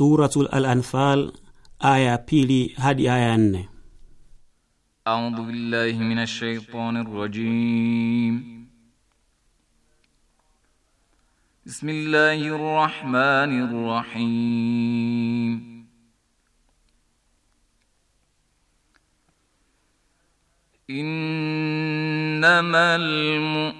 Suratul Al-Anfal aya pili hadi aya nne. A'udhu billahi minash rajim. Bismillahir rahmanir rahim. إنما المؤمنون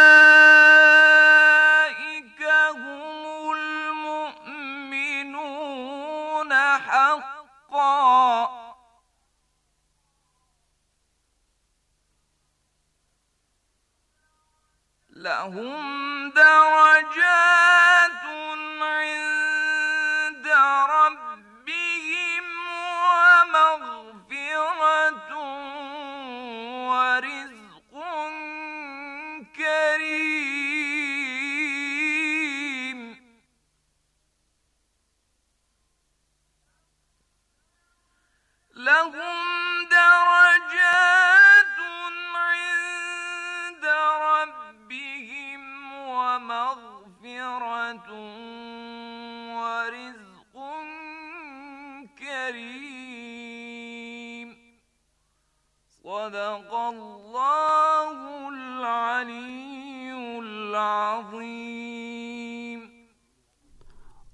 lahum darajat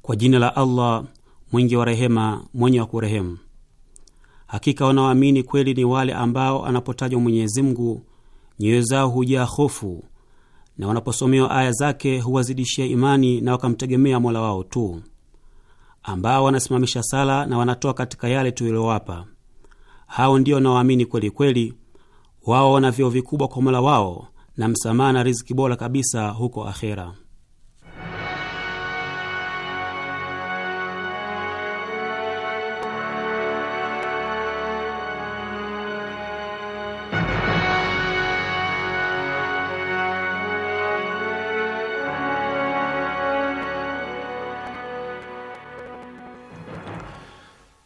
Kwa jina la Allah mwingi wa rehema, mwenye wa kurehemu. Hakika wanaoamini kweli ni wale ambao anapotajwa Mwenyezi Mungu nyoyo zao hujaa hofu na wanaposomewa aya zake huwazidishia imani na wakamtegemea mola wao tu, ambao wanasimamisha sala na wanatoa katika yale tuliyowapa. Hao ndio wanaoamini kweli kweli. Wao wana vyeo vikubwa kwa mola wao na msamaha na riziki bora kabisa huko akhera.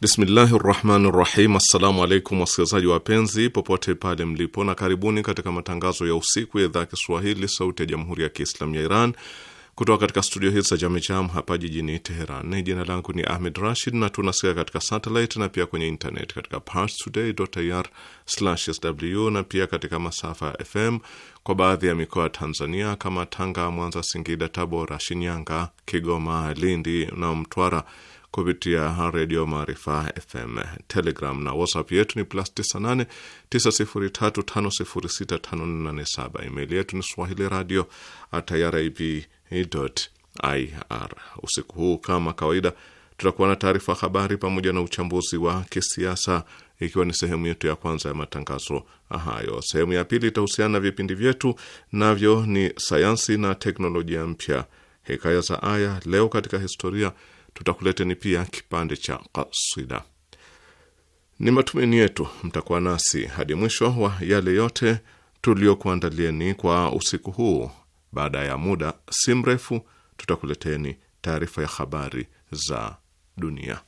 Bismillahi rahmani rahim. Assalamu alaikum wasikilizaji wapenzi popote pale mlipo, na karibuni katika matangazo ya usiku ya idhaa Kiswahili sauti ya jamhuri ya Kiislamu ya Iran kutoka katika studio hizi za Jamicham hapa jijini Teheran. Jina langu ni Ahmed Rashid na tunasikia katika satelit na pia kwenye internet katika parstoday.ir/sw na pia katika masafa ya FM kwa baadhi ya mikoa ya Tanzania kama Tanga, Mwanza, Singida, Tabora, Shinyanga, Kigoma, Lindi na Mtwara kupitia redio Maarifa FM. Telegram na WhatsApp yetu ni plus 98 Email yetu ni swahili radio irib ir. Usiku huu kama kawaida, tutakuwa na taarifa habari pamoja na uchambuzi wa kisiasa ikiwa ni sehemu yetu ya kwanza ya matangazo hayo. Sehemu ya pili itahusiana na vipindi vyetu, navyo ni sayansi na teknolojia mpya, hekaya za aya, leo katika historia Tutakuleteni pia kipande cha kasida. Ni matumaini yetu mtakuwa nasi hadi mwisho wa yale yote tuliyokuandalieni kwa usiku huu. Baada ya muda si mrefu, tutakuleteni taarifa ya habari za dunia.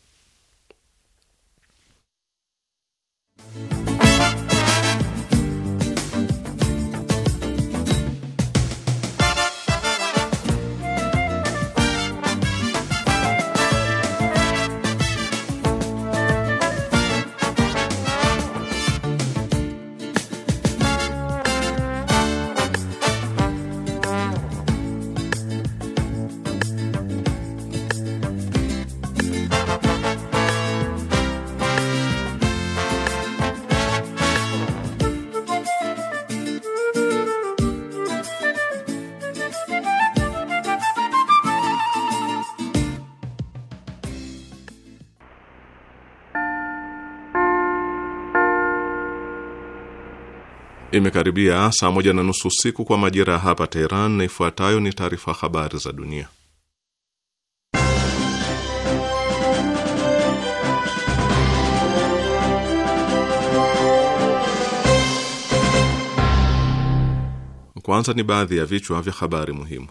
Imekaribia saa moja na nusu usiku kwa majira ya hapa Teheran, na ifuatayo ni taarifa habari za dunia. Kwanza ni baadhi ya vichwa vya habari muhimu.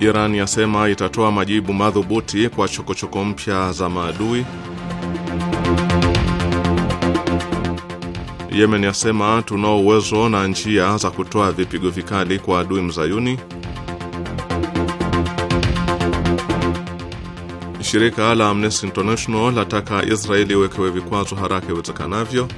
Iran yasema itatoa majibu madhubuti kwa chokochoko mpya za maadui. Yemen yasema tunao uwezo na njia za kutoa vipigo vikali kwa adui mzayuni. Shirika la Amnesty International lataka Israeli iwekewe vikwazo haraka iwezekanavyo.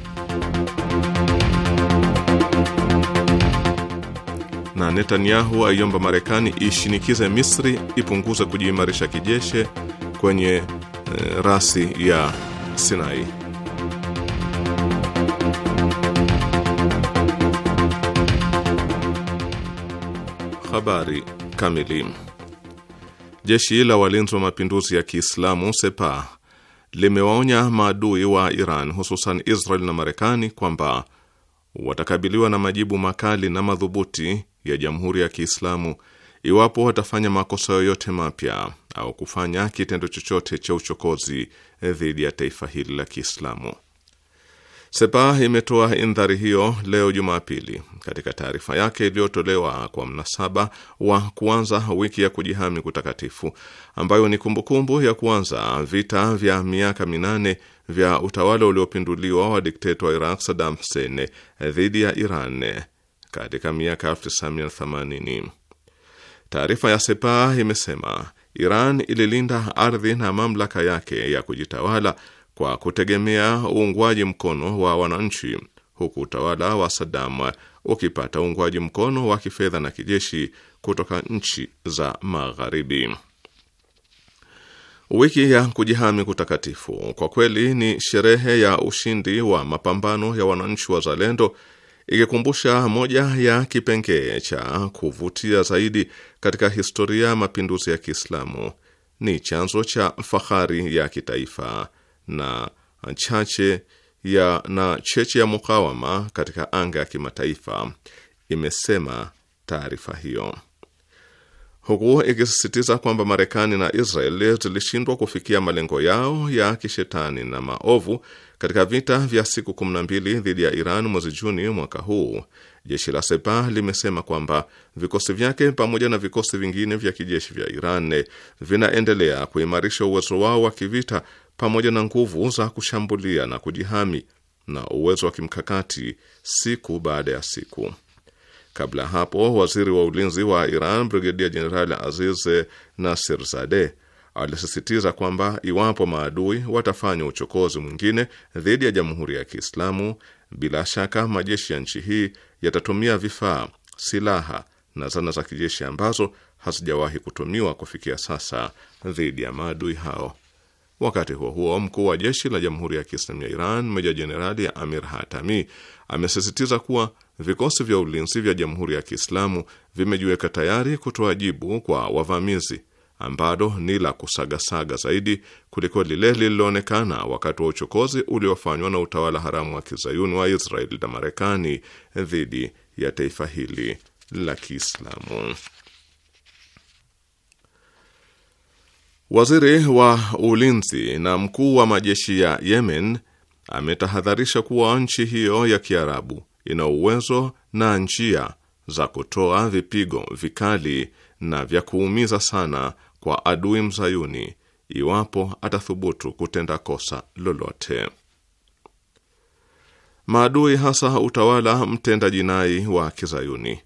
Na Netanyahu aiomba Marekani ishinikize Misri ipunguze kujiimarisha kijeshi kwenye e, rasi ya Sinai. Habari kamili. Jeshi la walinzi wa mapinduzi ya Kiislamu sepa limewaonya maadui wa Iran hususan Israel na Marekani kwamba watakabiliwa na majibu makali na madhubuti ya Jamhuri ya Kiislamu iwapo watafanya makosa yoyote mapya au kufanya kitendo chochote cha uchokozi dhidi ya taifa hili la Kiislamu. Sepah imetoa indhari hiyo leo Jumapili katika taarifa yake iliyotolewa kwa mnasaba wa kuanza wiki ya kujihami kutakatifu ambayo ni kumbukumbu -kumbu ya kuanza vita vya miaka minane vya utawala uliopinduliwa wa dikteta wa Iraq Saddam Hussein dhidi ya Iran katika miaka 1980. Taarifa ya sepa imesema Iran ililinda ardhi na mamlaka yake ya kujitawala kwa kutegemea uungwaji mkono wa wananchi, huku utawala wa Saddam ukipata uungwaji mkono wa kifedha na kijeshi kutoka nchi za Magharibi. Wiki ya kujihami kutakatifu kwa kweli ni sherehe ya ushindi wa mapambano ya wananchi wazalendo, ikikumbusha moja ya kipengee cha kuvutia zaidi katika historia ya mapinduzi ya Kiislamu. Ni chanzo cha fahari ya kitaifa na chache ya na cheche ya mukawama katika anga ya kimataifa, imesema taarifa hiyo, huku ikisisitiza kwamba Marekani na Israel zilishindwa kufikia malengo yao ya kishetani na maovu katika vita vya siku 12 dhidi ya Iran mwezi Juni mwaka huu. Jeshi la sepa limesema kwamba vikosi vyake pamoja na vikosi vingine vya kijeshi vya Iran vinaendelea kuimarisha uwezo wao wa kivita pamoja na nguvu za kushambulia na kujihami na uwezo wa kimkakati siku baada ya siku. Kabla ya hapo, waziri wa ulinzi wa Iran Brigedia Jenerali Aziz zade alisisitiza kwamba iwapo maadui watafanya uchokozi mwingine dhidi ya Jamhuri ya Kiislamu, bila shaka majeshi ya nchi hii yatatumia vifaa, silaha na zana za kijeshi ambazo hazijawahi kutumiwa kufikia sasa dhidi ya maadui hao. Wakati huo huo, mkuu wa jeshi la Jamhuri ya Kiislamu ya Iran meja jenerali Amir Hatami amesisitiza kuwa vikosi vya ulinzi vya Jamhuri ya Kiislamu vimejiweka tayari kutoa jibu kwa wavamizi ambalo ni la kusagasaga zaidi kuliko lile lililoonekana wakati wa uchokozi uliofanywa na utawala haramu wa kizayuni wa Israeli na Marekani dhidi ya taifa hili la Kiislamu. Waziri wa ulinzi na mkuu wa majeshi ya Yemen ametahadharisha kuwa nchi hiyo ya Kiarabu ina uwezo na njia za kutoa vipigo vikali na vya kuumiza sana kwa adui mzayuni iwapo atathubutu kutenda kosa lolote. Maadui hasa utawala mtenda jinai wa Kizayuni,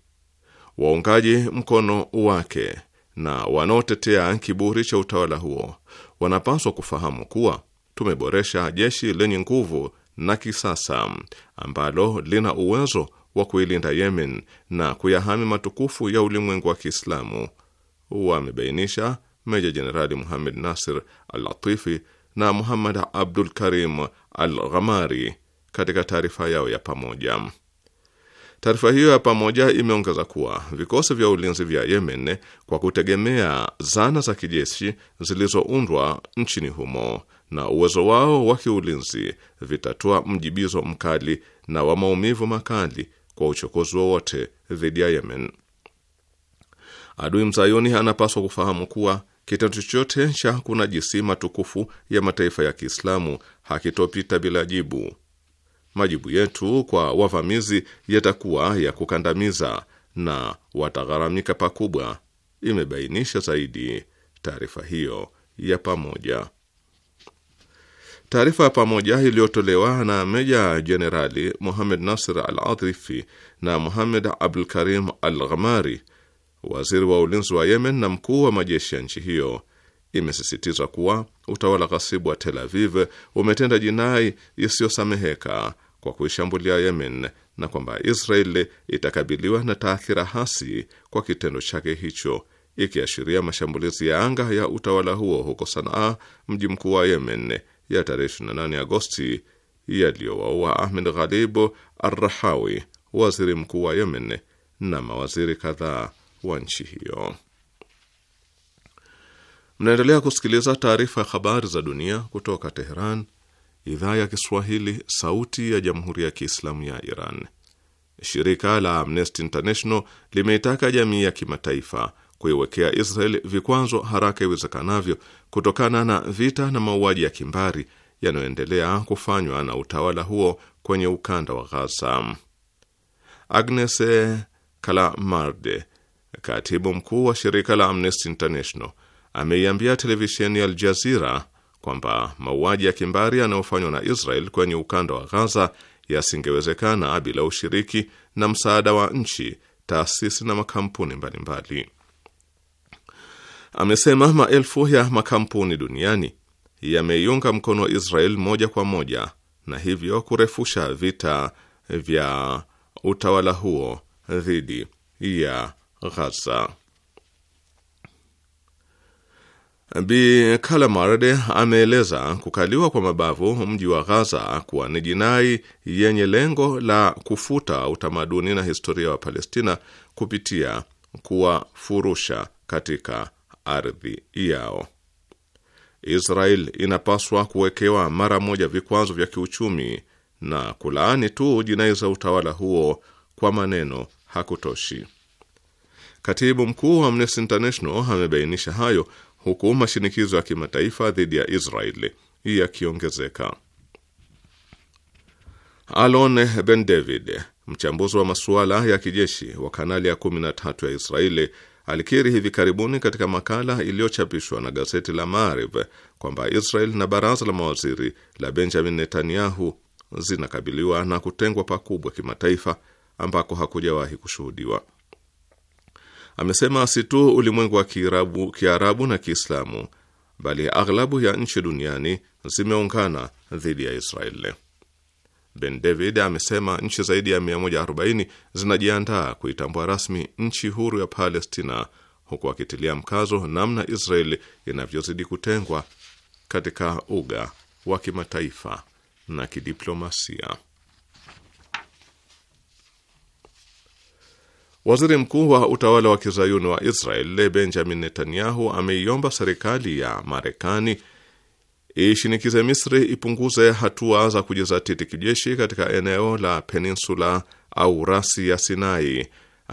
waungaji mkono wake na wanaotetea kiburi cha utawala huo wanapaswa kufahamu kuwa tumeboresha jeshi lenye nguvu na kisasa ambalo lina uwezo wa kuilinda Yemen na kuyahami matukufu ya ulimwengu wa Kiislamu, wamebainisha Meja Jenerali Muhamed Nasir Al Latifi na Muhammad Abdul Karim Al Ghamari katika taarifa yao ya pamoja. Taarifa hiyo ya pamoja imeongeza kuwa vikosi vya ulinzi vya Yemen kwa kutegemea zana za kijeshi zilizoundwa nchini humo na uwezo wao wa kiulinzi vitatoa mjibizo mkali na wa maumivu makali kwa uchokozi wowote dhidi ya Yemen. Adui mzayuni anapaswa kufahamu kuwa kitendo chochote cha kunajisi matukufu ya mataifa ya Kiislamu hakitopita bila jibu majibu yetu kwa wavamizi yatakuwa ya kukandamiza na watagharamika pakubwa, imebainisha zaidi taarifa hiyo ya pamoja. Taarifa ya pamoja iliyotolewa na Meja Jenerali muhamed Nasir Al Adrifi na muhamed Abdul Karim Al Ghamari, waziri wa ulinzi wa Yemen na mkuu wa majeshi ya nchi hiyo, imesisitiza kuwa utawala ghasibu wa Tel Aviv umetenda jinai isiyosameheka kwa kuishambulia Yemen na kwamba Israeli itakabiliwa na taathira hasi kwa kitendo chake hicho, ikiashiria mashambulizi ya anga ya utawala huo huko Sanaa, mji mkuu wa Yemen, ya tarehe 28 Agosti yaliyowaua Ahmed Ghalibu Arrahawi, waziri mkuu wa Yemen, na mawaziri kadhaa wa nchi hiyo. Mnaendelea kusikiliza taarifa ya habari za dunia kutoka Teheran, idhaa ya Kiswahili, sauti ya jamhuri ya kiislamu ya Iran. Shirika la Amnesty International limeitaka jamii ya kimataifa kuiwekea Israel vikwazo haraka iwezekanavyo kutokana na vita na mauaji ya kimbari yanayoendelea kufanywa na utawala huo kwenye ukanda wa Ghaza. Agnes Kalamarde, katibu mkuu wa shirika la Amnesty International, ameiambia televisheni ya Al kwamba mauaji ya kimbari yanayofanywa na Israel kwenye ukanda wa Ghaza yasingewezekana bila ushiriki na msaada wa nchi, taasisi na makampuni mbalimbali. Amesema maelfu ya makampuni duniani yameiunga mkono Israel moja kwa moja na hivyo kurefusha vita vya utawala huo dhidi ya Ghaza. Bi Kalamarde ameeleza kukaliwa kwa mabavu mji wa Ghaza kuwa ni jinai yenye lengo la kufuta utamaduni na historia wa Palestina kupitia kuwafurusha katika ardhi yao. Israel inapaswa kuwekewa mara moja vikwazo vya kiuchumi na kulaani tu jinai za utawala huo kwa maneno hakutoshi. Katibu mkuu wa Amnesty International amebainisha hayo huku mashinikizo ya kimataifa dhidi ya Israeli yakiongezeka. Alon Ben David, mchambuzi wa masuala ya kijeshi wa kanali ya 13 ya Israeli, alikiri hivi karibuni katika makala iliyochapishwa na gazeti la Maariv kwamba Israel na baraza la mawaziri la Benjamin Netanyahu zinakabiliwa na kutengwa pakubwa kimataifa ambako hakujawahi kushuhudiwa. Amesema si tu ulimwengu wa Kiarabu, Kiarabu na Kiislamu, bali aghlabu ya nchi duniani zimeungana dhidi ya Israeli. Ben David amesema nchi zaidi ya 140 zinajiandaa kuitambua rasmi nchi huru ya Palestina, huku akitilia mkazo namna Israeli inavyozidi kutengwa katika uga wa kimataifa na kidiplomasia. Waziri mkuu wa utawala wa kizayuni wa Israel Benjamin Netanyahu ameiomba serikali ya Marekani ishinikize Misri ipunguze hatua za kujizatiti kijeshi katika eneo la peninsula au rasi ya Sinai.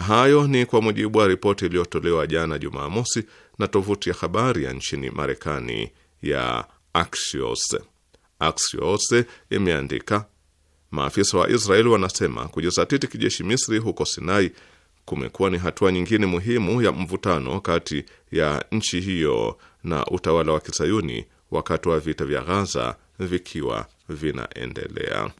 Hayo ni kwa mujibu wa ripoti iliyotolewa jana Jumamosi na tovuti ya habari ya nchini Marekani ya Axios. Axios imeandika maafisa wa Israel wanasema kujizatiti kijeshi Misri huko Sinai kumekuwa ni hatua nyingine muhimu ya mvutano kati ya nchi hiyo na utawala wa Kisayuni wakati wa vita vya Ghaza vikiwa vinaendelea.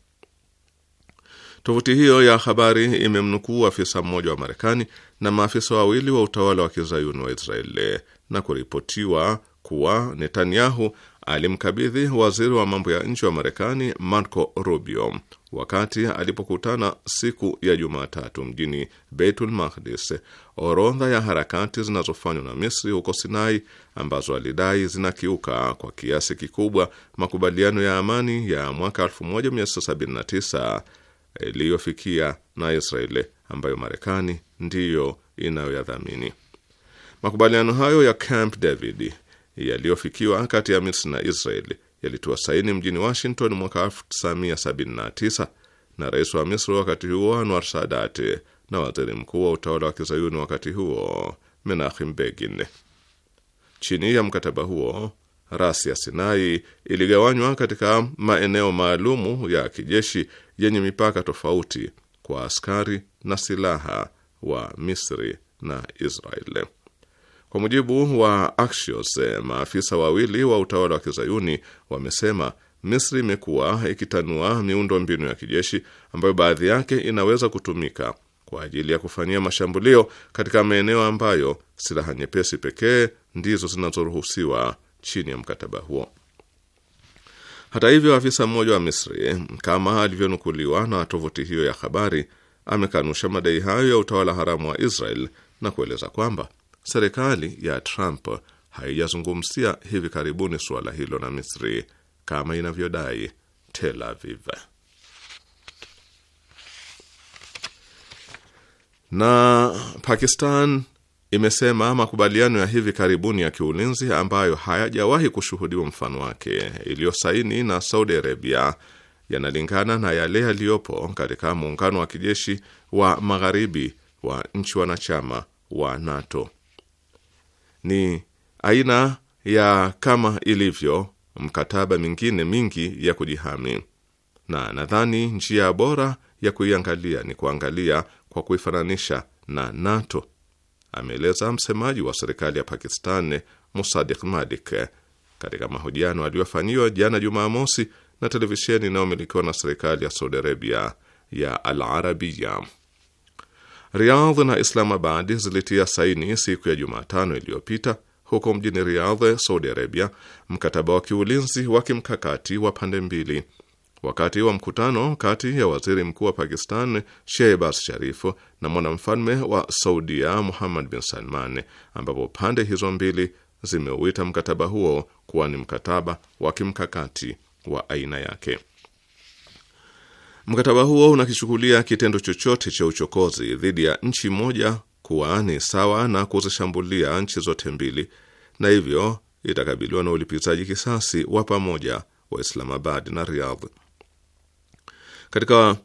Tovuti hiyo ya habari imemnukuu afisa mmoja wa Marekani na maafisa wawili wa utawala wa Kizayuni wa Israeli na kuripotiwa kuwa Netanyahu alimkabidhi waziri wa mambo ya nje wa Marekani Marco Rubio wakati alipokutana siku ya Jumatatu mjini Beitul Mahdis orodha ya harakati zinazofanywa na Misri huko Sinai ambazo alidai zinakiuka kwa kiasi kikubwa makubaliano ya amani ya mwaka 1979 iliyofikia na Israeli ambayo Marekani ndiyo inayoyadhamini. Makubaliano hayo ya Camp David yaliyofikiwa kati ya Misri na israel yalitoa saini mjini Washington mwaka 1979 na rais wa Misri wakati huo Anwar Sadat na waziri mkuu wa utawala wa kizayuni wakati huo Menachem Begin. Chini ya mkataba huo, rasi ya Sinai iligawanywa katika maeneo maalumu ya kijeshi yenye mipaka tofauti kwa askari na silaha wa Misri na Israeli. Kwa mujibu wa Axios, eh, maafisa wawili wa utawala wa kizayuni wamesema Misri imekuwa ikitanua miundo mbinu ya kijeshi ambayo baadhi yake inaweza kutumika kwa ajili ya kufanyia mashambulio katika maeneo ambayo silaha nyepesi pekee ndizo zinazoruhusiwa chini ya mkataba huo. Hata hivyo, afisa mmoja wa Misri, kama alivyonukuliwa na tovuti hiyo ya habari, amekanusha madai hayo ya utawala haramu wa Israel na kueleza kwamba Serikali ya Trump haijazungumzia hivi karibuni suala hilo na Misri kama inavyodai Tel Aviv. Na Pakistan imesema makubaliano ya hivi karibuni ya kiulinzi ambayo hayajawahi kushuhudiwa mfano wake iliyosaini na Saudi Arabia yanalingana na yale yaliyopo katika muungano wa kijeshi wa magharibi wa nchi wanachama wa NATO ni aina ya kama ilivyo mkataba mingine mingi ya kujihami, na nadhani njia bora ya kuiangalia ni kuangalia kwa kuifananisha na NATO, ameeleza msemaji wa serikali ya Pakistan Musadik Malik katika mahojiano aliyofanyiwa jana Jumamosi na televisheni inayomilikiwa na serikali ya Saudi Arabia ya Al Arabiya. Riyadh na Islamabad zilitia saini siku ya Jumatano iliyopita huko mjini Riyadh, Saudi Arabia, mkataba wa kiulinzi wa kimkakati wa pande mbili. Wakati wa mkutano kati ya waziri mkuu wa Pakistan Shehbaz Sharif na mwanamfalme wa Saudia Muhammad bin Salman, ambapo pande hizo mbili zimeuita mkataba huo kuwa ni mkataba wa kimkakati wa aina yake. Mkataba huo unakichukulia kitendo chochote cha uchokozi dhidi ya nchi moja kuwa ni sawa na kuzishambulia nchi zote mbili, na hivyo itakabiliwa na ulipizaji kisasi wa pamoja wa Islamabad na Riyadh. Katika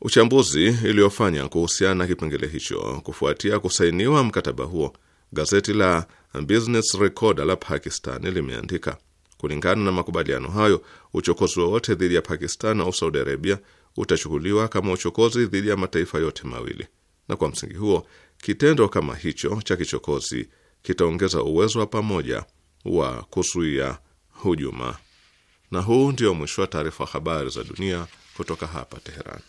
uchambuzi iliyofanya kuhusiana na kipengele hicho kufuatia kusainiwa mkataba huo, gazeti la Business Recorder la Pakistan limeandika, kulingana na makubaliano hayo, uchokozi wowote dhidi ya Pakistan au Saudi Arabia utachukuliwa kama uchokozi dhidi ya mataifa yote mawili, na kwa msingi huo kitendo kama hicho cha kichokozi kitaongeza uwezo wa pamoja wa kuzuia hujuma. Na huu ndio mwisho wa taarifa habari za dunia kutoka hapa Teheran.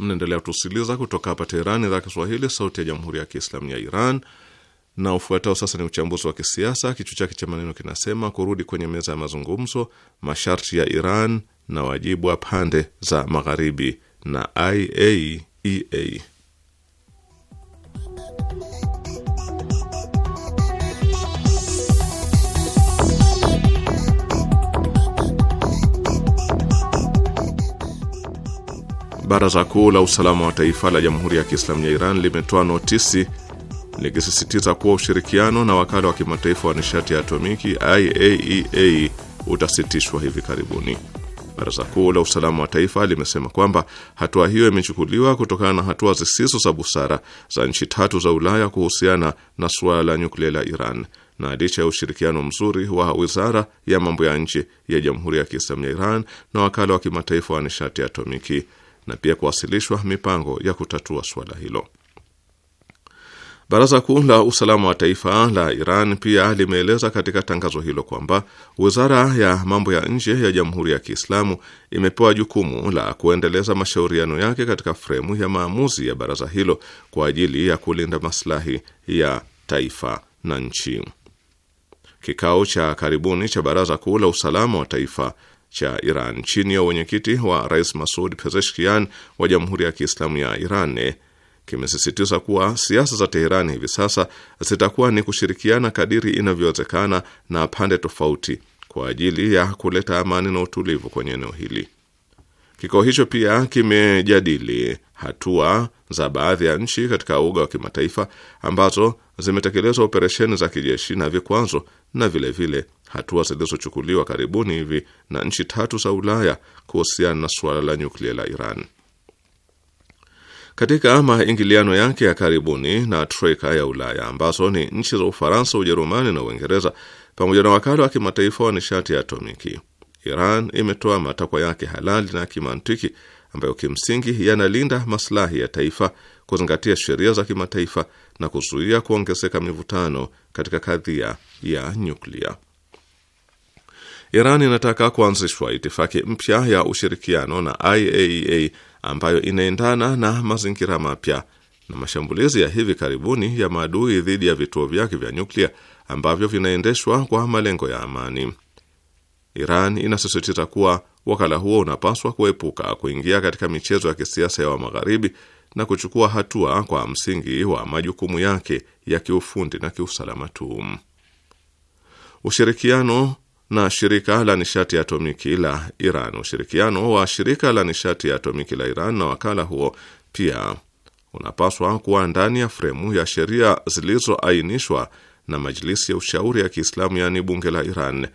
Mnaendelea kutusikiliza kutoka hapa Teherani, idhaa Kiswahili, sauti ya jamhuri ya kiislamu ya Iran. Na ufuatao sasa ni uchambuzi wa kisiasa, kichwa chake cha maneno kinasema: kurudi kwenye meza ya mazungumzo, masharti ya Iran na wajibu wa pande za magharibi na IAEA. E Baraza Kuu la Usalama wa Taifa la Jamhuri ya Kiislamu ya Iran limetoa notisi likisisitiza kuwa ushirikiano na wakala wa kimataifa wa nishati ya atomiki IAEA e utasitishwa hivi karibuni. Baraza Kuu la Usalama wa Taifa limesema kwamba hatua hiyo imechukuliwa kutokana na hatua zisizo za busara za nchi tatu za Ulaya kuhusiana na suala la nyuklia la Iran, na licha ya ushirikiano mzuri wa Wizara ya Mambo ya Nje ya Jamhuri ya Kiislamu ya Iran na Wakala wa Kimataifa wa Nishati ya Atomiki na pia kuwasilishwa mipango ya kutatua suala hilo. Baraza Kuu la Usalama wa Taifa la Iran pia limeeleza katika tangazo hilo kwamba wizara ya mambo ya nje ya Jamhuri ya Kiislamu imepewa jukumu la kuendeleza mashauriano yake katika fremu ya maamuzi ya baraza hilo kwa ajili ya kulinda maslahi ya taifa na nchi. Kikao cha karibuni cha Baraza Kuu la Usalama wa Taifa cha Iran chini ya uwenyekiti wa Rais Masud Pezeshkian wa Jamhuri ya Kiislamu ya Iran eh, kimesisitiza kuwa siasa za teheran hivi sasa zitakuwa ni kushirikiana kadiri inavyowezekana na pande tofauti kwa ajili ya kuleta amani na utulivu kwenye eneo hili. Kikao hicho pia kimejadili hatua za baadhi ya nchi katika uga wa kimataifa ambazo zimetekelezwa operesheni za kijeshi na vikwazo na vilevile vile hatua zilizochukuliwa karibuni hivi na nchi tatu za Ulaya kuhusiana na suala la nyuklia la Iran. Katika maingiliano yake ya karibuni na troika ya Ulaya ambazo ni nchi za Ufaransa, Ujerumani na Uingereza pamoja na wakala wa kimataifa wa nishati ya atomiki, Iran imetoa matakwa yake halali na kimantiki ambayo kimsingi yanalinda maslahi ya taifa, kuzingatia sheria za kimataifa na kuzuia kuongezeka mivutano katika kadhia ya nyuklia. Iran inataka kuanzishwa itifaki mpya ya ushirikiano na IAEA e ambayo inaendana na mazingira mapya na mashambulizi ya hivi karibuni ya maadui dhidi ya vituo vyake vya nyuklia ambavyo vinaendeshwa kwa malengo ya amani. Iran inasisitiza kuwa wakala huo unapaswa kuepuka kuingia katika michezo ya kisiasa ya wa Magharibi na kuchukua hatua kwa msingi wa majukumu yake ya kiufundi na kiusalama tu. Ushirikiano na shirika la nishati ya atomiki la Iran. Ushirikiano wa shirika la nishati ya atomiki la Iran na wakala huo pia unapaswa kuwa ndani ya fremu ya sheria zilizoainishwa na Majilisi ya Ushauri ya Kiislamu, yaani bunge la Iran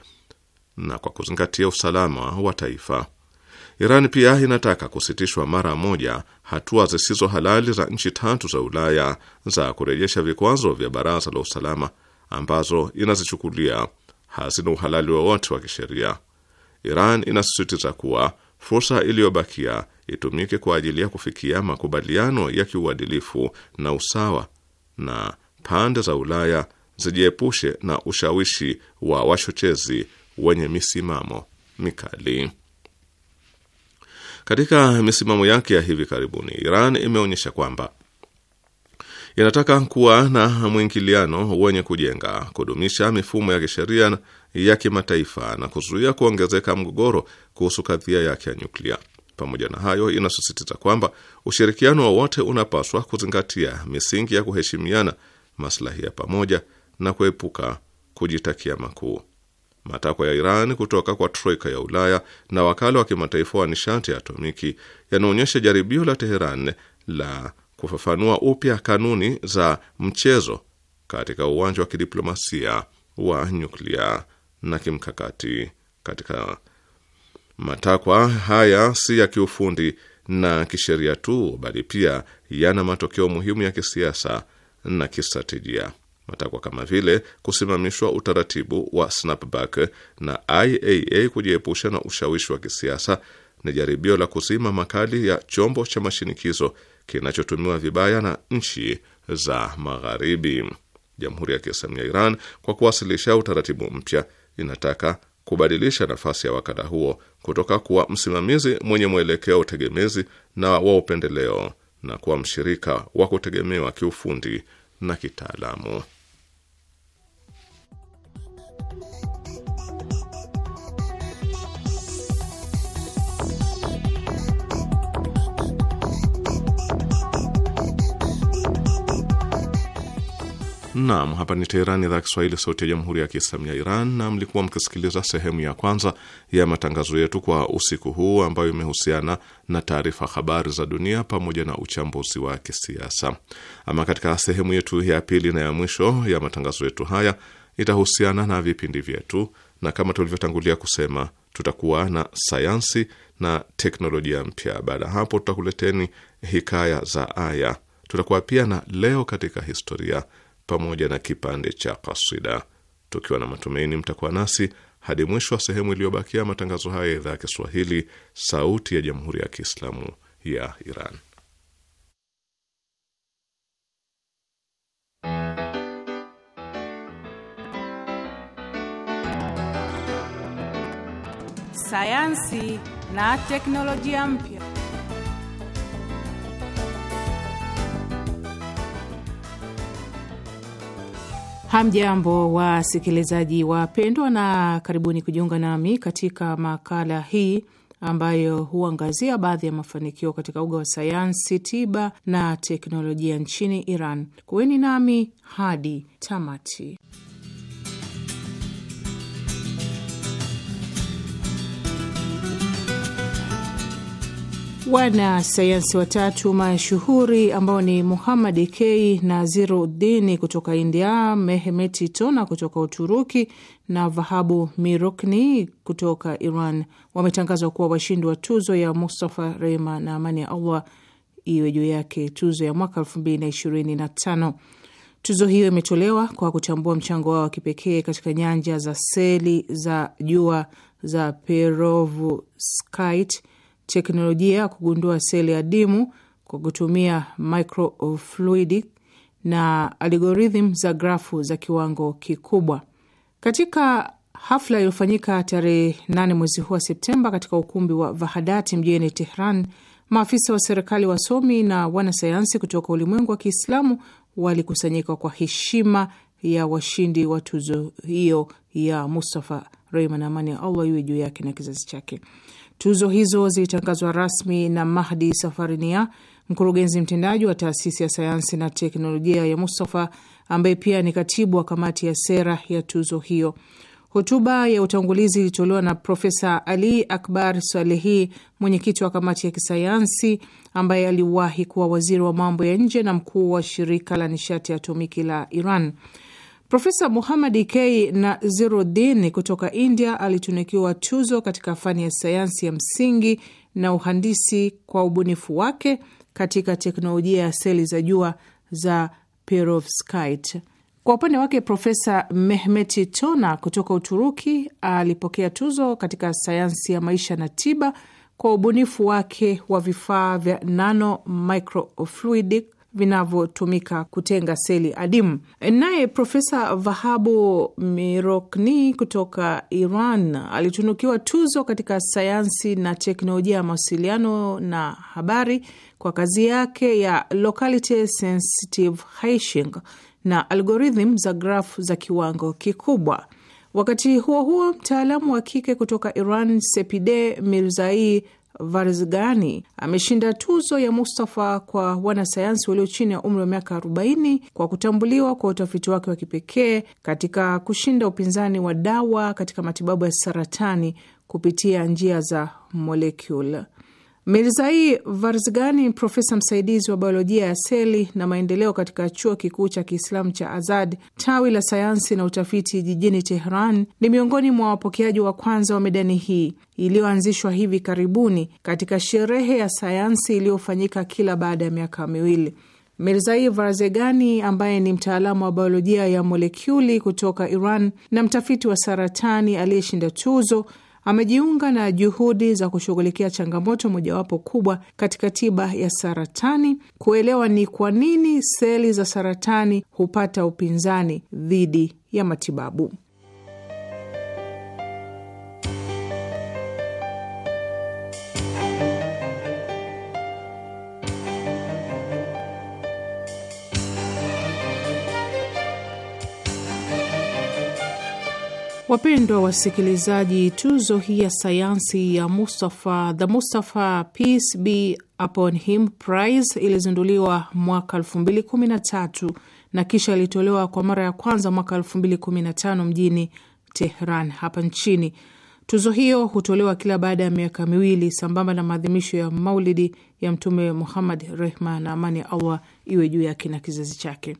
na kwa kuzingatia usalama wa taifa. Iran pia inataka kusitishwa mara moja hatua zisizo halali za nchi tatu za Ulaya za kurejesha vikwazo vya Baraza la Usalama ambazo inazichukulia hazina uhalali wowote wa, wa kisheria. Iran inasisitiza kuwa fursa iliyobakia itumike kwa ajili ya kufikia makubaliano ya kiuadilifu na usawa, na pande za Ulaya zijiepushe na ushawishi wa wachochezi wenye misimamo mikali. Katika misimamo yake ya hivi karibuni, Iran imeonyesha kwamba inataka kuwa na mwingiliano wenye kujenga, kudumisha mifumo ya kisheria ya kimataifa na kuzuia kuongezeka mgogoro kuhusu kadhia yake ya nyuklia. Pamoja na hayo, inasisitiza kwamba ushirikiano wowote unapaswa kuzingatia misingi ya kuheshimiana, maslahi ya pamoja na kuepuka kujitakia makuu. Matakwa ya Iran kutoka kwa troika ya Ulaya na wakala wa kimataifa wa nishati ya atomiki yanaonyesha jaribio la Teheran la kufafanua upya kanuni za mchezo katika uwanja wa kidiplomasia wa nyuklia na kimkakati. Katika matakwa haya si ya kiufundi na kisheria tu, bali pia yana matokeo muhimu ya kisiasa na kistratejia. Matakwa kama vile kusimamishwa utaratibu wa snapback na IAA kujiepusha na ushawishi wa kisiasa ni jaribio la kuzima makali ya chombo cha mashinikizo kinachotumiwa vibaya na nchi za Magharibi. Jamhuri ya Kiislamu ya Iran, kwa kuwasilisha utaratibu mpya, inataka kubadilisha nafasi ya wakala huo kutoka kuwa msimamizi mwenye mwelekeo utegemezi na wa upendeleo na kuwa mshirika wa kutegemewa kiufundi na kitaalamu. Naam, hapa ni teheran idhaa Kiswahili, sauti ya jamhuri ya kiislamu ya Iran, na mlikuwa mkisikiliza sehemu ya kwanza ya matangazo yetu kwa usiku huu ambayo imehusiana na taarifa habari za dunia pamoja na uchambuzi wa kisiasa. Ama katika sehemu yetu ya pili na ya mwisho ya matangazo yetu haya itahusiana na vipindi vyetu, na kama tulivyotangulia kusema, tutakuwa na sayansi na teknolojia mpya. Baada ya hapo, tutakuleteni hikaya za aya. Tutakuwa pia na leo katika historia pamoja na kipande cha kasida, tukiwa na matumaini mtakuwa nasi hadi mwisho wa sehemu iliyobakia matangazo haya ya idhaa ya Kiswahili, Sauti ya Jamhuri ya Kiislamu ya Iran. Sayansi na teknolojia mpya. Hamjambo, wasikilizaji wapendwa, na karibuni kujiunga nami katika makala hii ambayo huangazia baadhi ya mafanikio katika uga wa sayansi, tiba na teknolojia nchini Iran. Kuweni nami hadi tamati. Wanasayansi watatu mashuhuri ambao ni Muhammad K Naziruddini kutoka India, mehmeti Tona kutoka Uturuki na Vahabu Mirukni kutoka Iran wametangazwa kuwa washindi wa tuzo ya Mustafa Rehma na amani ya Allah iwe juu yake, tuzo ya mwaka na tano Tuzo hiyo imetolewa kwa kutambua mchango wao wa kipekee katika nyanja za seli za jua za perovskite teknolojia ya kugundua seli adimu kwa kutumia microfluidic na algorithm za grafu za kiwango kikubwa. Katika hafla iliyofanyika tarehe 8 mwezi huu wa Septemba katika ukumbi wa Vahadati mjini Tehran, maafisa wa serikali, wasomi na wanasayansi kutoka ulimwengu wa Kiislamu walikusanyika kwa heshima ya washindi wa tuzo hiyo ya Mustafa, Rehman, amani ya Allah iwe juu yake na kizazi chake. Tuzo hizo zilitangazwa rasmi na Mahdi Safarinia, mkurugenzi mtendaji wa taasisi ya sayansi na teknolojia ya Mustafa, ambaye pia ni katibu wa kamati ya sera ya tuzo hiyo. Hotuba ya utangulizi ilitolewa na Profesa Ali Akbar Salehi, mwenyekiti wa kamati ya kisayansi ambaye aliwahi kuwa waziri wa mambo ya nje na mkuu wa shirika la nishati ya atomiki la Iran. Profesa Muhamadi K Naziruddin kutoka India alitunikiwa tuzo katika fani ya sayansi ya msingi na uhandisi kwa ubunifu wake katika teknolojia ya seli za jua za perovskite. Kwa upande wake, Profesa Mehmeti Tona kutoka Uturuki alipokea tuzo katika sayansi ya maisha na tiba kwa ubunifu wake wa vifaa vya nano microfluidic vinavyotumika kutenga seli adimu. Naye Profesa Vahabu Mirokni kutoka Iran alitunukiwa tuzo katika sayansi na teknolojia ya mawasiliano na habari kwa kazi yake ya locality sensitive hashing na algorithm za grafu za kiwango kikubwa. Wakati huo huo, mtaalamu wa kike kutoka Iran Sepide Mirzai Varzgani ameshinda tuzo ya Mustafa kwa wanasayansi walio chini ya umri wa miaka 40 kwa kutambuliwa kwa utafiti wake wa kipekee katika kushinda upinzani wa dawa katika matibabu ya saratani kupitia njia za molekula. Mirzai Varzegani, profesa msaidizi wa biolojia ya seli na maendeleo katika chuo kikuu cha Kiislamu cha Azad, tawi la sayansi na utafiti jijini Tehran, ni miongoni mwa wapokeaji wa kwanza wa medani hii iliyoanzishwa hivi karibuni katika sherehe ya sayansi iliyofanyika kila baada ya miaka miwili. Mirzai Varzegani ambaye ni mtaalamu wa biolojia ya molekuli kutoka Iran na mtafiti wa saratani aliyeshinda tuzo amejiunga na juhudi za kushughulikia changamoto mojawapo kubwa katika tiba ya saratani, kuelewa ni kwa nini seli za saratani hupata upinzani dhidi ya matibabu. Wapendwa wasikilizaji, tuzo hii ya sayansi ya Mustafa, the Mustafa Peace Be Upon Him Prize ilizinduliwa mwaka 2013 na kisha ilitolewa kwa mara ya kwanza mwaka 2015 mjini Tehran hapa nchini. Tuzo hiyo hutolewa kila baada ya miaka miwili sambamba na maadhimisho ya maulidi ya Mtume Muhammad, rehma na amani ya Allah iwe juu yake na kizazi chake.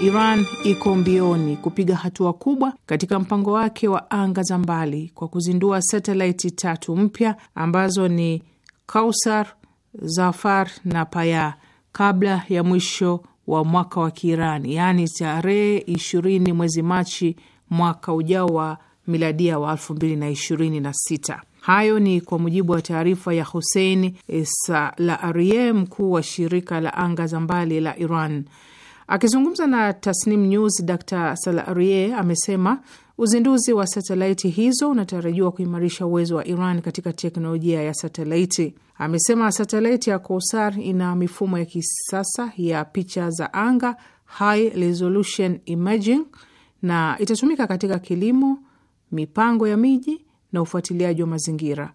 Iran iko mbioni kupiga hatua kubwa katika mpango wake wa anga za mbali kwa kuzindua satelaiti tatu mpya ambazo ni Kausar, Zafar na Paya kabla ya mwisho wa mwaka wa Kiirani, yaani tarehe ishirini mwezi Machi mwaka ujao wa miladia wa elfu mbili na ishirini na sita. Hayo ni kwa mujibu wa taarifa ya Hussein Salaarie, mkuu wa shirika la anga za mbali la Iran. Akizungumza na Tasnim News, Dr Salarie amesema uzinduzi wa satelaiti hizo unatarajiwa kuimarisha uwezo wa Iran katika teknolojia ya satelaiti. Amesema satelaiti ya kosar ina mifumo ya kisasa ya picha za anga, high resolution imaging, na itatumika katika kilimo, mipango ya miji na ufuatiliaji wa mazingira.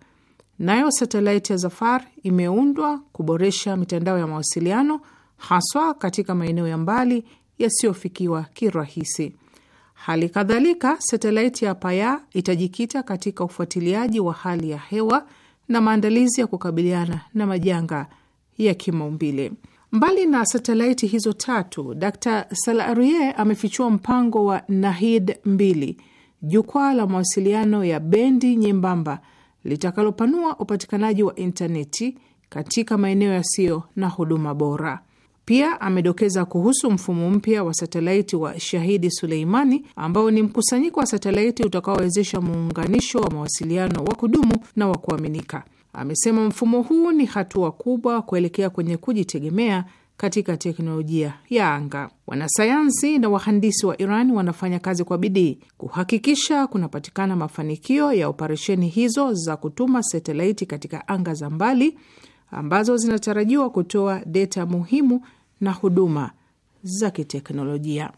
Nayo satelaiti ya Zafar imeundwa kuboresha mitandao ya mawasiliano haswa katika maeneo ya mbali yasiyofikiwa kirahisi. Hali kadhalika, satelaiti ya Paya itajikita katika ufuatiliaji wa hali ya hewa na maandalizi ya kukabiliana na majanga ya kimaumbile. Mbali na satelaiti hizo tatu, Dr Salarie amefichua mpango wa Nahid mbili, jukwaa la mawasiliano ya bendi nyembamba litakalopanua upatikanaji wa intaneti katika maeneo yasiyo na huduma bora. Pia amedokeza kuhusu mfumo mpya wa satelaiti wa Shahidi Suleimani ambao ni mkusanyiko wa satelaiti utakaowezesha muunganisho wa mawasiliano wa kudumu na wa kuaminika. Amesema mfumo huu ni hatua kubwa kuelekea kwenye kujitegemea katika teknolojia ya anga. Wanasayansi na wahandisi wa Iran wanafanya kazi kwa bidii kuhakikisha kunapatikana mafanikio ya operesheni hizo za kutuma satelaiti katika anga za mbali ambazo zinatarajiwa kutoa deta muhimu na huduma za kiteknolojia.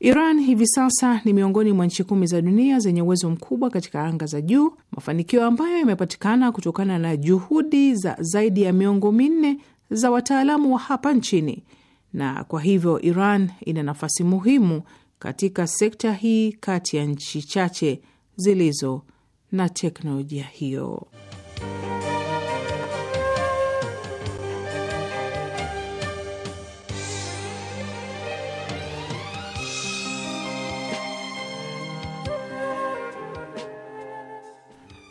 Iran hivi sasa ni miongoni mwa nchi kumi za dunia zenye uwezo mkubwa katika anga za juu, mafanikio ambayo yamepatikana kutokana na juhudi za zaidi ya miongo minne za wataalamu wa hapa nchini, na kwa hivyo Iran ina nafasi muhimu katika sekta hii kati ya nchi chache zilizo na teknolojia hiyo.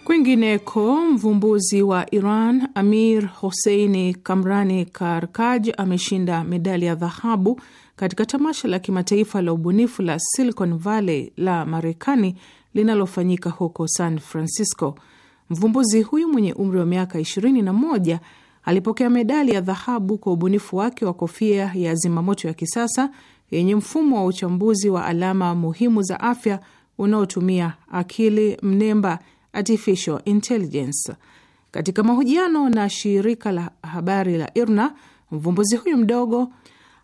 Kwingineko, mvumbuzi wa Iran Amir Hoseini Kamrani Karkaj ameshinda medali ya dhahabu katika tamasha la kimataifa la ubunifu la Silicon Valley la Marekani linalofanyika huko San Francisco. Mvumbuzi huyu mwenye umri wa miaka 21 alipokea medali ya dhahabu kwa ubunifu wake wa kofia ya zimamoto ya kisasa yenye mfumo wa uchambuzi wa alama muhimu za afya unaotumia akili mnemba artificial intelligence. Katika mahojiano na shirika la habari la IRNA, mvumbuzi huyu mdogo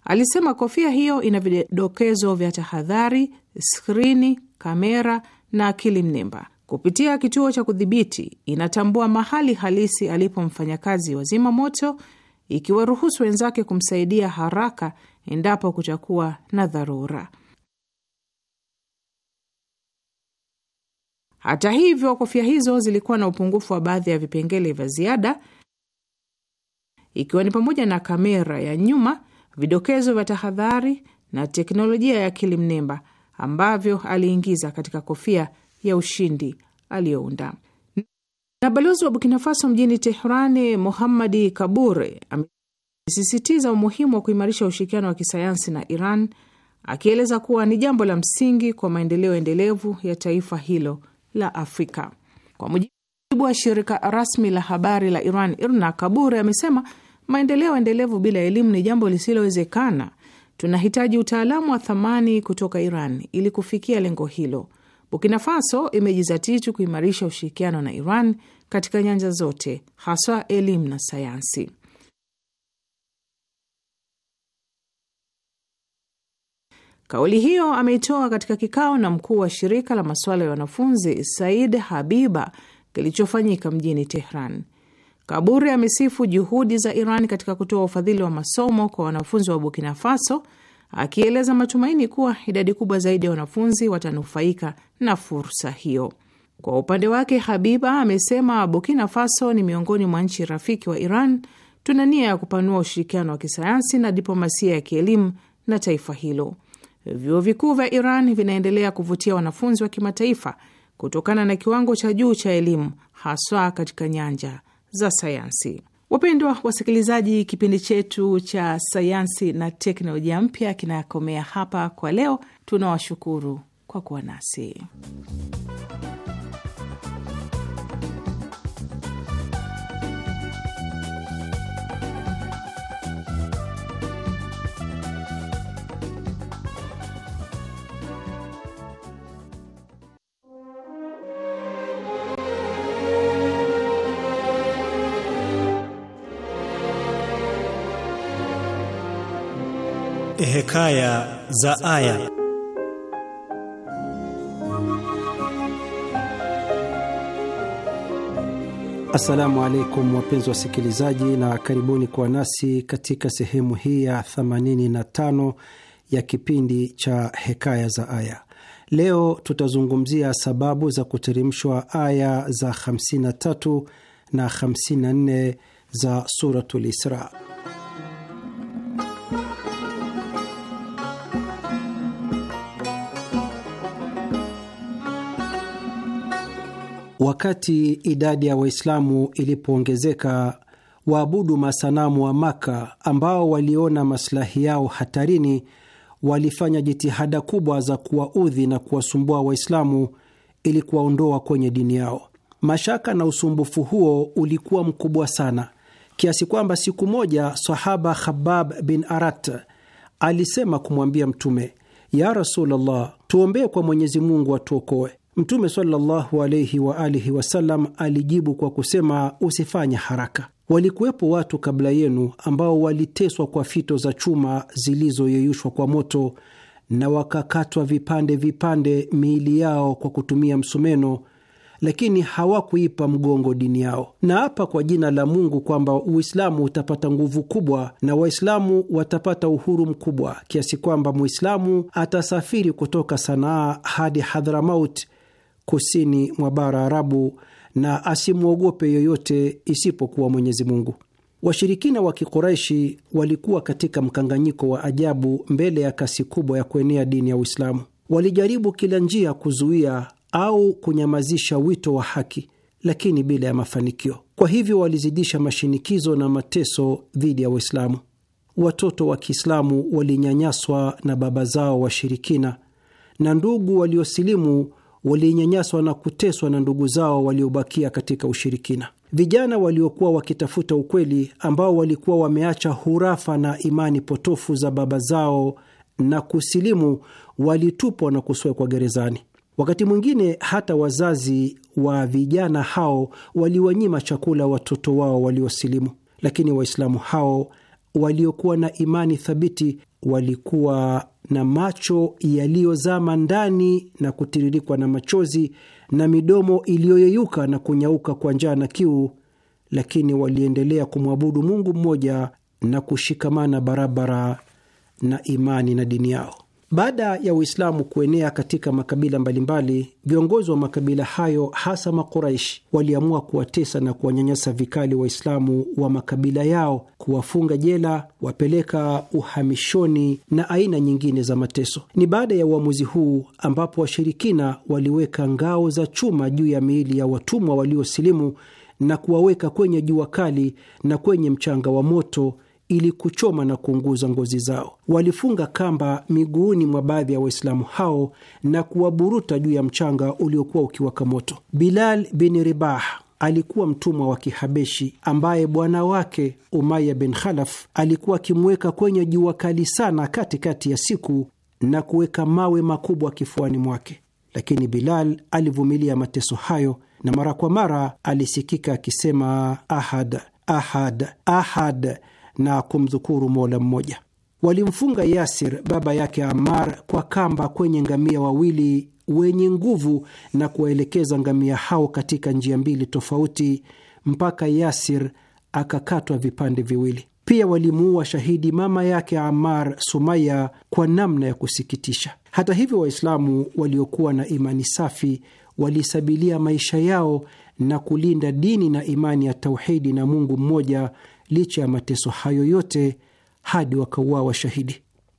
alisema kofia hiyo ina vidokezo vya tahadhari, skrini, kamera na akili mnemba. Kupitia kituo cha kudhibiti, inatambua mahali halisi alipo mfanyakazi wa zima moto, ikiwaruhusu wenzake kumsaidia haraka endapo kutakuwa na dharura. Hata hivyo, kofia hizo zilikuwa na upungufu wa baadhi ya vipengele vya ziada, ikiwa ni pamoja na kamera ya nyuma, vidokezo vya tahadhari na teknolojia ya akili mnemba ambavyo aliingiza katika kofia ya ushindi aliyounda. Na balozi wa Burkina Faso mjini Tehrani, Mohammadi Kabure, amesisitiza umuhimu wa kuimarisha ushirikiano wa kisayansi na Iran, akieleza kuwa ni jambo la msingi kwa maendeleo endelevu ya taifa hilo la Afrika. Kwa mujibu wa shirika rasmi la habari la Iran, IRNA, Kaburi amesema maendeleo endelevu bila elimu ni jambo lisilowezekana. Tunahitaji utaalamu wa thamani kutoka Iran ili kufikia lengo hilo. Burkina Faso imejizatiti kuimarisha ushirikiano na Iran katika nyanja zote, haswa elimu na sayansi. Kauli hiyo ameitoa katika kikao na mkuu wa shirika la masuala ya wanafunzi Said Habiba kilichofanyika mjini Tehran. Kaburi amesifu juhudi za Iran katika kutoa ufadhili wa masomo kwa wanafunzi wa Burkina Faso, akieleza matumaini kuwa idadi kubwa zaidi ya wanafunzi watanufaika na fursa hiyo. Kwa upande wake, Habiba amesema Burkina Faso ni miongoni mwa nchi rafiki wa Iran. Tuna nia ya kupanua ushirikiano wa kisayansi na diplomasia ya kielimu na taifa hilo vyuo vikuu vya Iran vinaendelea kuvutia wanafunzi wa kimataifa kutokana na kiwango cha juu cha elimu haswa katika nyanja za sayansi. Wapendwa wasikilizaji, kipindi chetu cha sayansi na teknolojia mpya kinakomea hapa kwa leo. Tunawashukuru kwa kuwa nasi. Hekaya za Aya. Assalamu alaikum wapenzi wasikilizaji, na karibuni kwa nasi katika sehemu hii ya 85 ya kipindi cha Hekaya za Aya. Leo tutazungumzia sababu za kuteremshwa aya za 53 na 54 za Suratul Isra. Wakati idadi ya Waislamu ilipoongezeka, waabudu masanamu wa Maka ambao waliona maslahi yao hatarini, walifanya jitihada kubwa za kuwaudhi na kuwasumbua Waislamu ili kuwaondoa kwenye dini yao. Mashaka na usumbufu huo ulikuwa mkubwa sana kiasi kwamba siku moja sahaba Khabab bin Arat alisema kumwambia Mtume, ya Rasulullah, tuombee kwa Mwenyezi Mungu atuokoe. Mtume sallallahu wa alihi wasallam alijibu kwa kusema, usifanye haraka. Walikuwepo watu kabla yenu ambao waliteswa kwa fito za chuma zilizoyeyushwa kwa moto na wakakatwa vipande vipande miili yao kwa kutumia msumeno, lakini hawakuipa mgongo dini yao. Na hapa kwa jina la Mungu kwamba Uislamu utapata nguvu kubwa na Waislamu watapata uhuru mkubwa kiasi kwamba Muislamu atasafiri kutoka Sanaa hadi Hadhramaut kusini mwa bara Arabu na asimwogope yoyote isipokuwa Mwenyezi Mungu. Washirikina wa Kikureshi walikuwa katika mkanganyiko wa ajabu mbele ya kasi kubwa ya kuenea dini ya Uislamu. Walijaribu kila njia kuzuia au kunyamazisha wito wa haki, lakini bila ya mafanikio. Kwa hivyo walizidisha mashinikizo na mateso dhidi ya Waislamu. Watoto wa Kiislamu walinyanyaswa na baba zao washirikina, na ndugu waliosilimu walinyanyaswa na kuteswa na ndugu zao waliobakia katika ushirikina. Vijana waliokuwa wakitafuta ukweli, ambao walikuwa wameacha hurafa na imani potofu za baba zao na kusilimu, walitupwa na kuswekwa gerezani. Wakati mwingine hata wazazi wa vijana hao waliwanyima chakula watoto wao waliosilimu, lakini Waislamu hao waliokuwa na imani thabiti walikuwa na macho yaliyozama ndani na kutiririkwa na machozi na midomo iliyoyeyuka na kunyauka kwa njaa na kiu, lakini waliendelea kumwabudu Mungu mmoja na kushikamana barabara na imani na dini yao. Baada ya Uislamu kuenea katika makabila mbalimbali, viongozi wa makabila hayo, hasa Makuraishi, waliamua kuwatesa na kuwanyanyasa vikali Waislamu wa makabila yao, kuwafunga jela, wapeleka uhamishoni na aina nyingine za mateso. Ni baada ya uamuzi huu ambapo washirikina waliweka ngao za chuma juu ya miili ya watumwa waliosilimu na kuwaweka kwenye jua kali na kwenye mchanga wa moto ili kuchoma na kuunguza ngozi zao. Walifunga kamba miguuni mwa baadhi ya Waislamu hao na kuwaburuta juu ya mchanga uliokuwa ukiwaka moto. Bilal bin Ribah alikuwa mtumwa wa Kihabeshi ambaye bwana wake Umaya bin Khalaf alikuwa akimweka kwenye jua kali sana katikati ya siku na kuweka mawe makubwa kifuani mwake, lakini Bilal alivumilia mateso hayo na mara kwa mara alisikika akisema ahad, ahad, ahad na kumdhukuru Mola mmoja. Walimfunga Yasir baba yake amar kwa kamba kwenye ngamia wawili wenye nguvu na kuwaelekeza ngamia hao katika njia mbili tofauti mpaka Yasir akakatwa vipande viwili. Pia walimuua shahidi mama yake amar Sumaya, kwa namna ya kusikitisha. Hata hivyo, Waislamu waliokuwa na imani safi walisabilia maisha yao na kulinda dini na imani ya tauhidi na Mungu mmoja licha ya mateso hayo yote hadi wakauawa shahidi.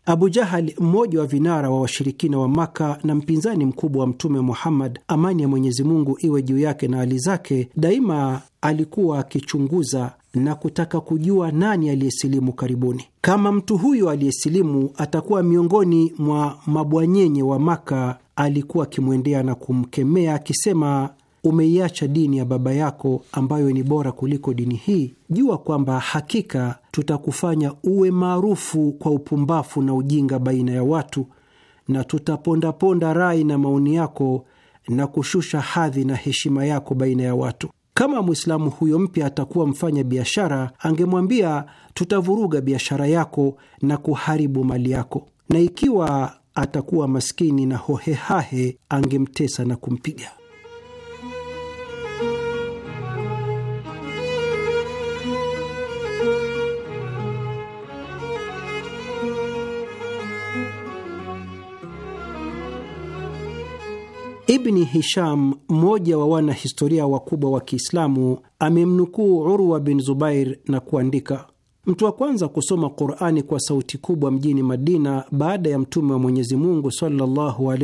Abu Jahal, mmoja wa vinara wa washirikina wa Maka na mpinzani mkubwa wa Mtume Muhammad, amani ya Mwenyezi Mungu iwe juu yake na hali zake, daima alikuwa akichunguza na kutaka kujua nani aliyesilimu karibuni. Kama mtu huyo aliyesilimu atakuwa miongoni mwa mabwanyenye wa Maka, alikuwa akimwendea na kumkemea akisema umeiacha dini ya baba yako ambayo ni bora kuliko dini hii, jua kwamba hakika tutakufanya uwe maarufu kwa upumbafu na ujinga baina ya watu, na tutapondaponda rai na maoni yako na kushusha hadhi na heshima yako baina ya watu. Kama Mwislamu huyo mpya atakuwa mfanya biashara, angemwambia tutavuruga biashara yako na kuharibu mali yako, na ikiwa atakuwa maskini na hohehahe, angemtesa na kumpiga. Ibni Hisham, mmoja wa wanahistoria wakubwa wa Kiislamu, amemnukuu Urwa bin Zubair na kuandika, mtu wa kwanza kusoma Qurani kwa sauti kubwa mjini Madina baada ya Mtume wa Mwenyezi Mungu sallallahu wa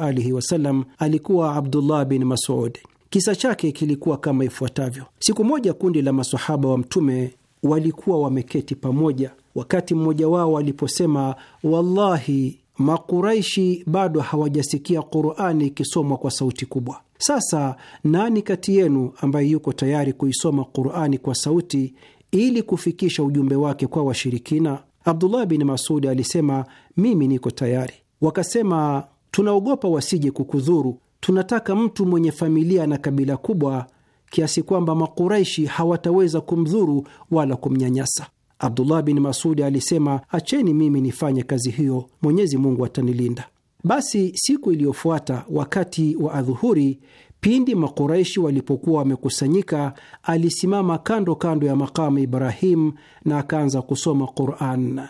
alihi wasallam alikuwa Abdullah bin Masud. Kisa chake kilikuwa kama ifuatavyo: siku moja kundi la masahaba wa Mtume walikuwa wameketi pamoja, wakati mmoja wao aliposema, wallahi Makuraishi bado hawajasikia Qurani ikisomwa kwa sauti kubwa. Sasa nani kati yenu ambaye yuko tayari kuisoma Qurani kwa sauti ili kufikisha ujumbe wake kwa washirikina? Abdullah bin Masudi alisema, mimi niko tayari. Wakasema, tunaogopa wasije kukudhuru, tunataka mtu mwenye familia na kabila kubwa kiasi kwamba Makuraishi hawataweza kumdhuru wala kumnyanyasa. Abdullah bin Masudi alisema, acheni mimi nifanye kazi hiyo, Mwenyezi Mungu atanilinda. Basi siku iliyofuata wakati wa adhuhuri, pindi Makuraishi walipokuwa wamekusanyika, alisimama kando kando ya makamu Ibrahim na akaanza kusoma Quran.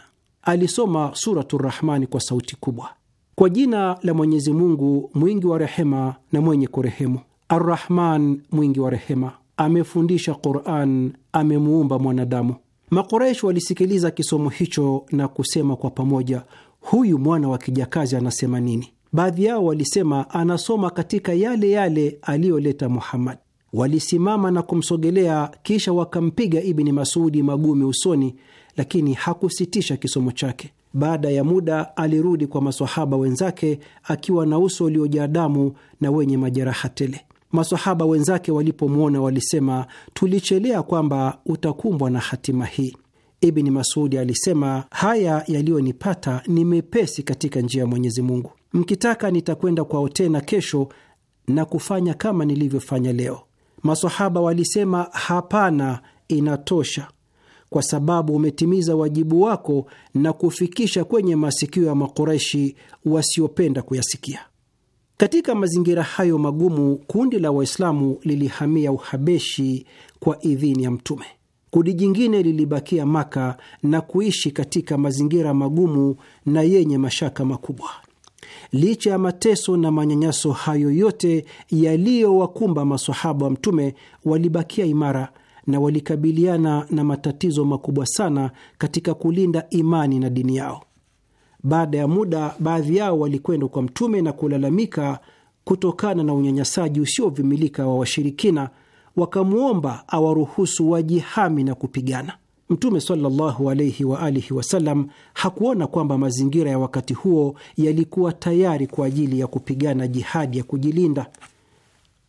Alisoma Suratu Rahmani kwa sauti kubwa, kwa jina la Mwenyezi Mungu mwingi wa rehema na mwenye kurehemu. Arrahman, mwingi wa rehema, amefundisha Quran, amemuumba mwanadamu Makuraishi walisikiliza kisomo hicho na kusema kwa pamoja, huyu mwana wa kijakazi anasema nini? Baadhi yao walisema anasoma katika yale yale aliyoleta Muhammad. Walisimama na kumsogelea, kisha wakampiga Ibni Masudi magumi usoni, lakini hakusitisha kisomo chake. Baada ya muda alirudi kwa masahaba wenzake akiwa na uso uliojaa damu na wenye majeraha tele. Masahaba wenzake walipomwona walisema, tulichelea kwamba utakumbwa na hatima hii. Ibni Masudi alisema, haya yaliyonipata ni mepesi katika njia ya Mwenyezi Mungu. Mkitaka nitakwenda kwao tena kesho na kufanya kama nilivyofanya leo. Masahaba walisema, hapana, inatosha, kwa sababu umetimiza wajibu wako na kufikisha kwenye masikio ya Makureshi wasiopenda kuyasikia. Katika mazingira hayo magumu, kundi la Waislamu lilihamia Uhabeshi kwa idhini ya Mtume. Kundi jingine lilibakia Maka na kuishi katika mazingira magumu na yenye mashaka makubwa. Licha ya mateso na manyanyaso hayo yote yaliyowakumba masahaba wa Mtume, walibakia imara na walikabiliana na matatizo makubwa sana katika kulinda imani na dini yao. Baada ya muda, baadhi yao walikwenda kwa Mtume na kulalamika kutokana na unyanyasaji usiovimilika wa washirikina, wakamwomba awaruhusu wajihami na kupigana. Mtume sallallahu alayhi wa alihi wasallam hakuona kwamba mazingira ya wakati huo yalikuwa tayari kwa ajili ya kupigana jihadi ya kujilinda.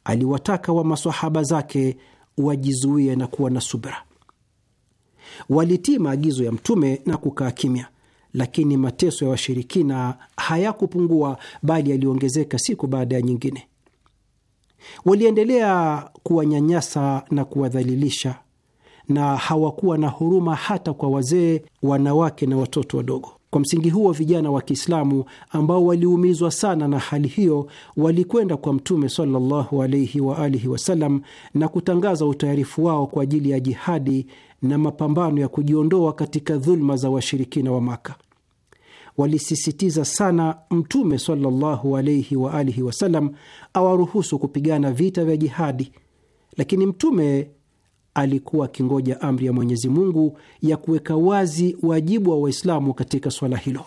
Aliwataka wa masahaba zake wajizuie na kuwa na subra. Walitii maagizo ya Mtume na kukaa kimya lakini mateso ya washirikina hayakupungua, bali yaliongezeka siku baada ya nyingine. Waliendelea kuwanyanyasa na kuwadhalilisha, na hawakuwa na huruma hata kwa wazee, wanawake na watoto wadogo. Kwa msingi huo, vijana wa Kiislamu ambao waliumizwa sana na hali hiyo walikwenda kwa Mtume sallallahu alaihi waalihi wasalam na kutangaza utayarifu wao kwa ajili ya jihadi na mapambano ya kujiondoa katika dhuluma za washirikina wa Maka. Walisisitiza sana Mtume sallallahu alaihi wa alihi wasallam awaruhusu kupigana vita vya jihadi, lakini Mtume alikuwa akingoja amri ya Mwenyezi Mungu ya kuweka wazi wajibu wa Waislamu katika swala hilo.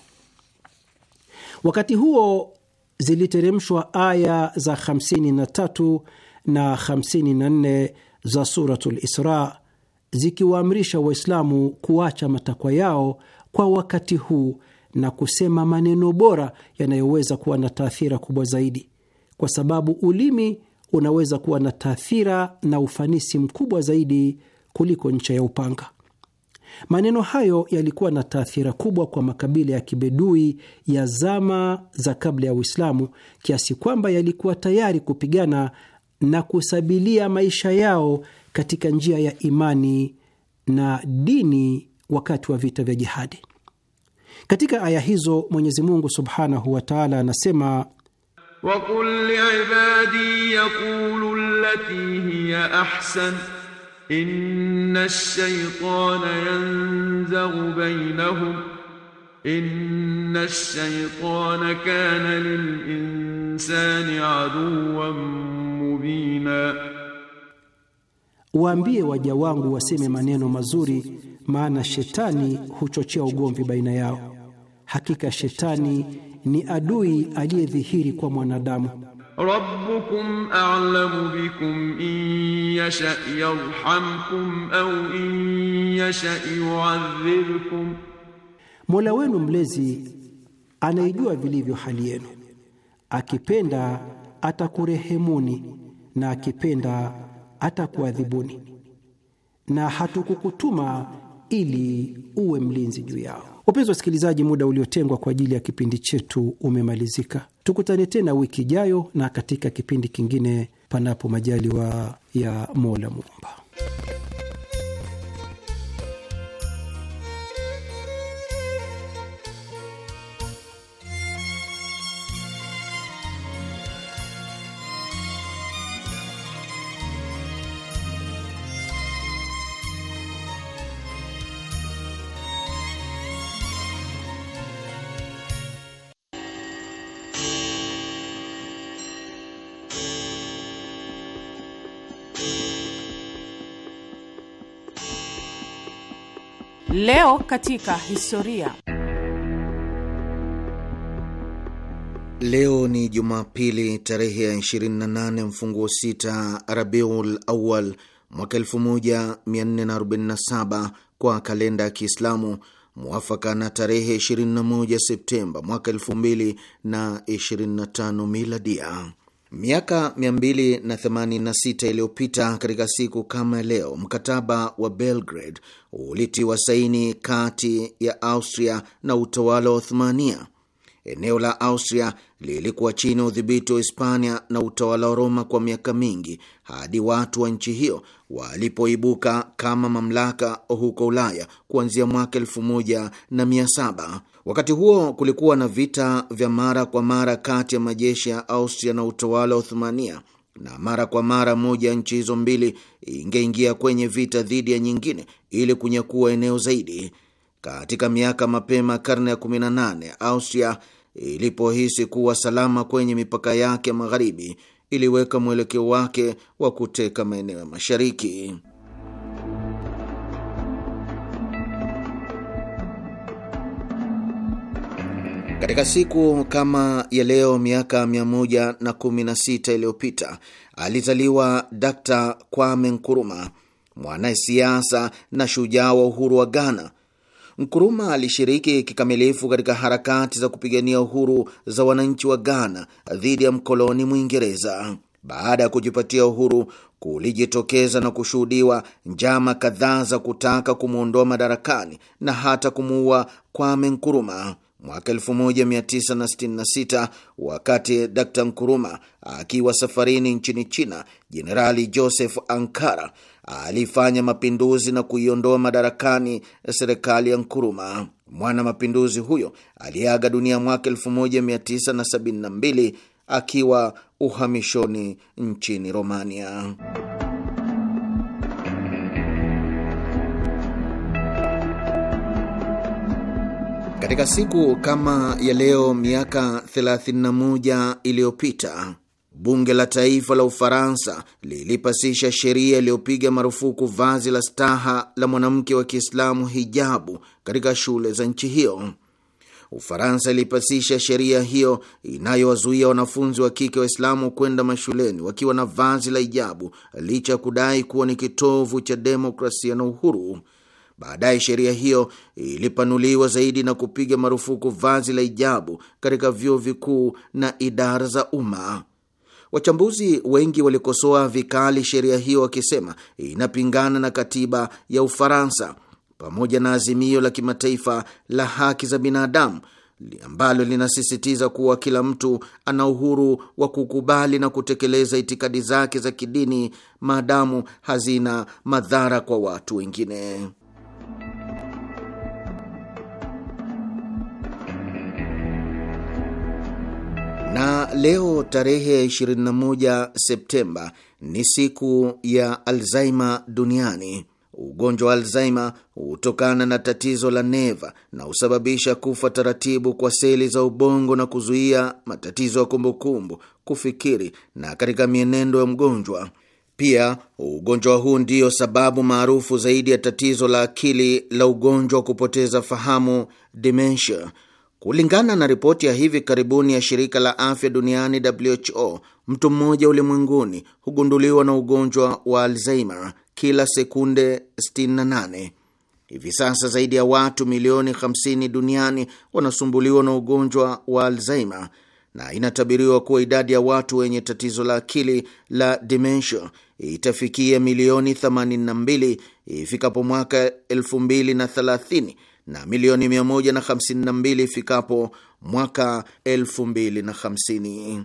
Wakati huo ziliteremshwa aya za 53 na 54 za Suratul Isra zikiwaamrisha Waislamu kuacha matakwa yao kwa wakati huu na kusema maneno bora yanayoweza kuwa na taathira kubwa zaidi, kwa sababu ulimi unaweza kuwa na taathira na ufanisi mkubwa zaidi kuliko ncha ya upanga. Maneno hayo yalikuwa na taathira kubwa kwa makabila ya kibedui ya zama za kabla ya Uislamu, kiasi kwamba yalikuwa tayari kupigana na kusabilia maisha yao katika njia ya imani na dini wakati wa vita vya jihadi. Katika aya hizo Mwenyezi Mungu subhanahu wa taala anasema wakul liibadi yaqulu allati hiya ahsan inna ash-shaytana yanzaghu bainahum inna ash-shaytana kana lil insani aduwwan mubina Waambie waja wangu waseme maneno mazuri, maana shetani huchochea ugomvi baina yao. Hakika shetani ni adui aliyedhihiri kwa mwanadamu. Rabbukum a'lamu bikum in yasha yarhamkum au in yasha yu'adhibkum, Mola wenu mlezi anaijua vilivyo hali yenu, akipenda atakurehemuni na akipenda atakuadhibuni, na hatukukutuma ili uwe mlinzi juu yao. Wapenzi wasikilizaji, muda uliotengwa kwa ajili ya kipindi chetu umemalizika. Tukutane tena wiki ijayo na katika kipindi kingine, panapo majaliwa ya Mola Muumba. Leo katika historia. Leo ni Jumapili tarehe ya 28 mfunguo sita Rabiul Awal mwaka 1447 kwa kalenda ya Kiislamu, mwafaka na tarehe 21 Septemba mwaka 2025 miladia. Miaka 286 iliyopita katika siku kama leo, mkataba wa Belgrade ulitiwa saini kati ya Austria na utawala wa Uthmania. Eneo la Austria lilikuwa chini ya udhibiti wa Hispania na utawala wa Roma kwa miaka mingi hadi watu wa nchi hiyo walipoibuka kama mamlaka huko Ulaya kuanzia mwaka 17 Wakati huo kulikuwa na vita vya mara kwa mara kati ya majeshi ya Austria na utawala wa Uthumania, na mara kwa mara moja ya nchi hizo mbili ingeingia kwenye vita dhidi ya nyingine ili kunyakua eneo zaidi. Katika miaka mapema karne ya 18 Austria ilipohisi kuwa salama kwenye mipaka yake magharibi, iliweka mwelekeo wake wa kuteka maeneo ya mashariki. Katika siku kama ya leo miaka 116 iliyopita alizaliwa Dr. Kwame Nkuruma, mwanasiasa na shujaa wa uhuru wa Ghana. Nkuruma alishiriki kikamilifu katika harakati za kupigania uhuru za wananchi wa Ghana dhidi ya mkoloni Mwingereza. Baada ya kujipatia uhuru, kulijitokeza na kushuhudiwa njama kadhaa za kutaka kumwondoa madarakani na hata kumuua Kwame Nkuruma mwaka 1966 wakati d Nkuruma akiwa safarini nchini China, Jenerali Joseph Ankara alifanya mapinduzi na kuiondoa madarakani serikali ya Nkuruma. Mwana mapinduzi huyo aliaga dunia mwaka 1972 akiwa uhamishoni nchini Romania. Katika siku kama ya leo miaka 31 iliyopita bunge la taifa la Ufaransa lilipasisha sheria iliyopiga marufuku vazi la staha la mwanamke wa Kiislamu, hijabu, katika shule za nchi hiyo. Ufaransa ilipasisha sheria hiyo inayowazuia wanafunzi wa kike Waislamu kwenda mashuleni wakiwa na vazi la hijabu licha ya kudai kuwa ni kitovu cha demokrasia na uhuru. Baadaye sheria hiyo ilipanuliwa zaidi na kupiga marufuku vazi la hijabu katika vyuo vikuu na idara za umma. Wachambuzi wengi walikosoa vikali sheria hiyo wakisema inapingana na katiba ya Ufaransa pamoja na azimio la kimataifa la haki za binadamu ambalo linasisitiza kuwa kila mtu ana uhuru wa kukubali na kutekeleza itikadi zake za kidini maadamu hazina madhara kwa watu wengine. leo tarehe 21 Septemba ni siku ya Alzheimer duniani. Ugonjwa wa Alzheimer hutokana na tatizo la neva na husababisha kufa taratibu kwa seli za ubongo na kuzuia matatizo ya kumbukumbu, kufikiri na katika mienendo ya mgonjwa. Pia ugonjwa huu ndiyo sababu maarufu zaidi ya tatizo la akili la ugonjwa wa kupoteza fahamu, dementia Kulingana na ripoti ya hivi karibuni ya shirika la afya duniani WHO, mtu mmoja ulimwenguni hugunduliwa na ugonjwa wa Alzheimer kila sekunde 68. Hivi sasa zaidi ya watu milioni 50 duniani wanasumbuliwa na ugonjwa wa Alzheimer na inatabiriwa kuwa idadi ya watu wenye tatizo la akili la dementia itafikia milioni 82 ifikapo mwaka 2030 na milioni 152 ifikapo mwaka 2050.